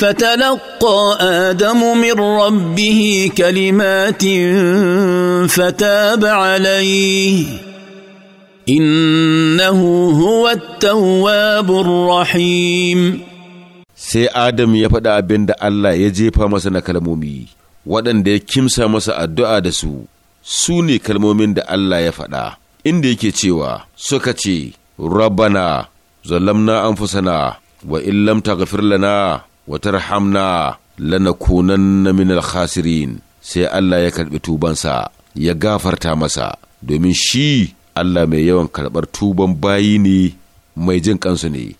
فتلقى ادم من ربه كلمات فتاب عليه انه هو التواب الرحيم sai adam ya faɗa abin da Allah ya jefa masa na kalmomi waɗanda ya kimsa masa addu'a da su su ne kalmomin da Allah ya faɗa inda yake cewa suka ce rabbana zalamna anfusana wa illam taghfir lana kunan na minal khasirin sai Allah ya karɓi tubansa ya gafarta masa domin shi Allah mai yawan karɓar tuban bayi ne mai jin kansu ne